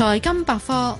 財金百貨，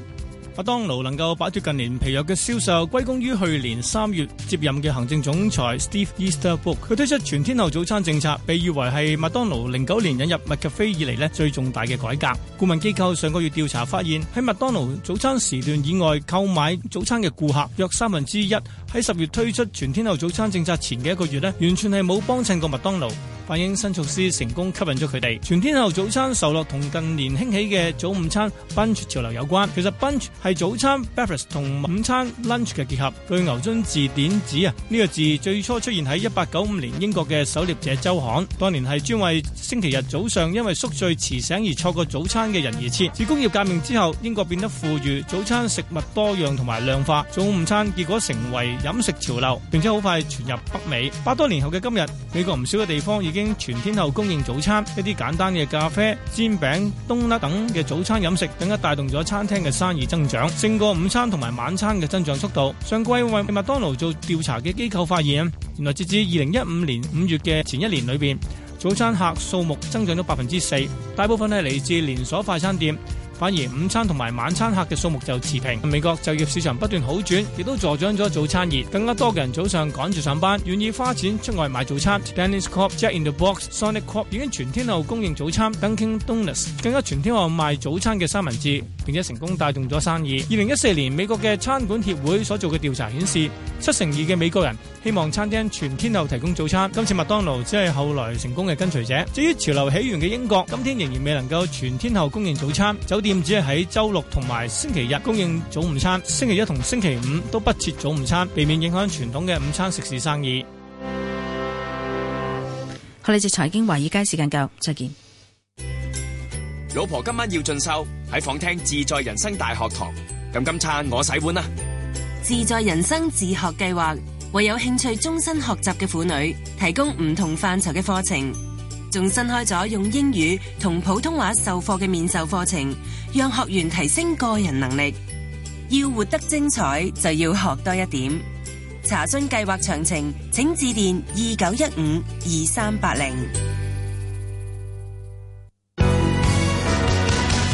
麥當勞能夠擺脫近年疲弱嘅銷售，歸功於去年三月接任嘅行政總裁 Steve Easterbrook，佢推出全天候早餐政策，被譽為係麥當勞零九年引入 McCafe 以嚟呢，最重大嘅改革。顧問機構上個月調查發現，喺麥當勞早餐時段以外購買早餐嘅顧客，約三分之一喺十月推出全天候早餐政策前嘅一個月呢，完全係冇幫襯過麥當勞。反映新措施成功吸引咗佢哋。全天候早餐受落同近年興起嘅早午餐 brunch 潮流有關。其實 brunch 係早餐 breakfast 同午餐 lunch 嘅結合。據牛津字典指啊，呢個字最初出現喺1895年英國嘅《狩獵者周刊》，當年係專為星期日早上因為宿醉遲醒而錯過早餐嘅人而設。自工業革命之後，英國變得富裕，早餐食物多樣同埋量化，早午餐結果成為飲食潮流，並且好快傳入北美。百多年後嘅今日，美國唔少嘅地方已經。全天候供應早餐，一啲簡單嘅咖啡、煎餅、冬甩等嘅早餐飲食，更加帶動咗餐廳嘅生意增長，勝過午餐同埋晚餐嘅增長速度。上季為麥當勞做調查嘅機構發現，原來截至二零一五年五月嘅前一年裏邊，早餐客數目增長咗百分之四，大部分係嚟自連鎖快餐店。反而午餐同埋晚餐客嘅數目就持平。美國就業市場不斷好轉，亦都助長咗早餐業。更加多嘅人早上趕住上班，願意花錢出外買早餐。Denny's Corp、Jack in the Box、Sonic Corp 已經全天候供應早餐。Dunkin' Donuts 更加全天候賣早餐嘅三文治，並且成功帶動咗生意。二零一四年美國嘅餐館協會所做嘅調查顯示，七成二嘅美國人希望餐廳全天候提供早餐。今次麥當勞只係後來成功嘅跟隨者。至於潮流起源嘅英國，今天仍然未能夠全天候供應早餐。酒店店只喺周六同埋星期日供應早午餐，星期一同星期五都不設早午餐，避免影響傳統嘅午餐食肆生意。好，你哋就財經華爾街時間教再見。老婆今晚要進修喺房廳自在人生大學堂，咁今餐我洗碗啦。自在人生自學計劃為有興趣終身學習嘅婦女提供唔同範疇嘅課程。仲新開咗用英語同普通話授課嘅面授課程，讓學員提升個人能力。要活得精彩，就要學多一點。查詢計劃詳情，請致電二九一五二三八零。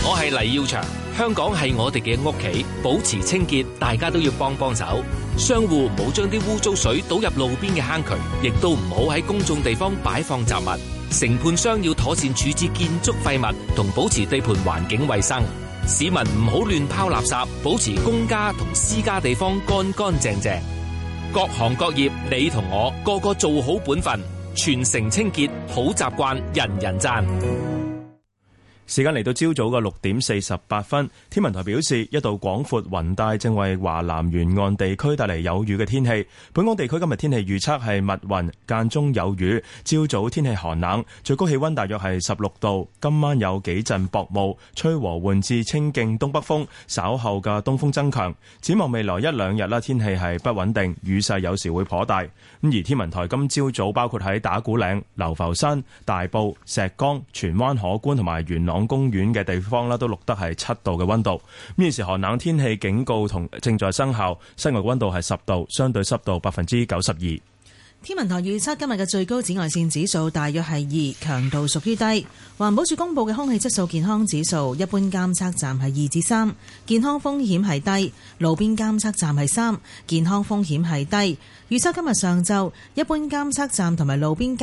我係黎耀祥，香港係我哋嘅屋企，保持清潔，大家都要幫幫手。商戶唔好將啲污糟水倒入路邊嘅坑渠，亦都唔好喺公眾地方擺放雜物。承判商要妥善處置建築廢物，同保持地盤環境衛生。市民唔好亂拋垃圾，保持公家同私家地方乾乾淨淨。各行各業，你同我個個做好本分，全城清潔，好習慣，人人讚。時間嚟到朝早嘅六點四十八分，天文台表示一道廣闊雲帶正為華南沿岸地區帶嚟有雨嘅天氣。本港地區今日天氣預測係密雲間中有雨，朝早天氣寒冷，最高氣温大約係十六度。今晚有幾陣薄霧，吹和緩至清勁東北風，稍後嘅東風增強。展望未來一兩日啦天氣係不穩定，雨勢有時會頗大。咁而天文台今朝早包括喺打鼓嶺、流浮山、大埔、石崗、荃灣、可觀同埋元朗。公園嘅地方啦，都錄得係七度嘅溫度。咩時寒冷天氣警告同正在生效，室外溫度係十度，相對濕度百分之九十二。天文台預測今日嘅最高紫外線指數大約係二，強度屬於低。環保署公布嘅空氣質素健康指數，一般監測站係二至三，健康風險係低；路邊監測站係三，健康風險係低。預測今日上晝，一般監測站同埋路邊。